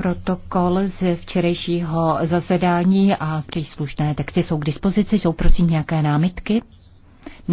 Protokol z včerejšího zasedání a příslušné texty jsou k dispozici. Jsou prosím nějaké námitky?